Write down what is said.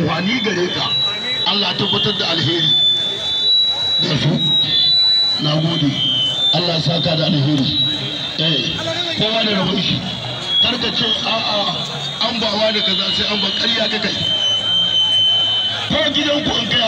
wani gare ka Allah tabbatar da alheri da su na gode Allah saka da alheri eh kowa da rabon shi karka ce a'a an bawa da kaza sai an ba ƙarya ka kai ko gidan ku an kai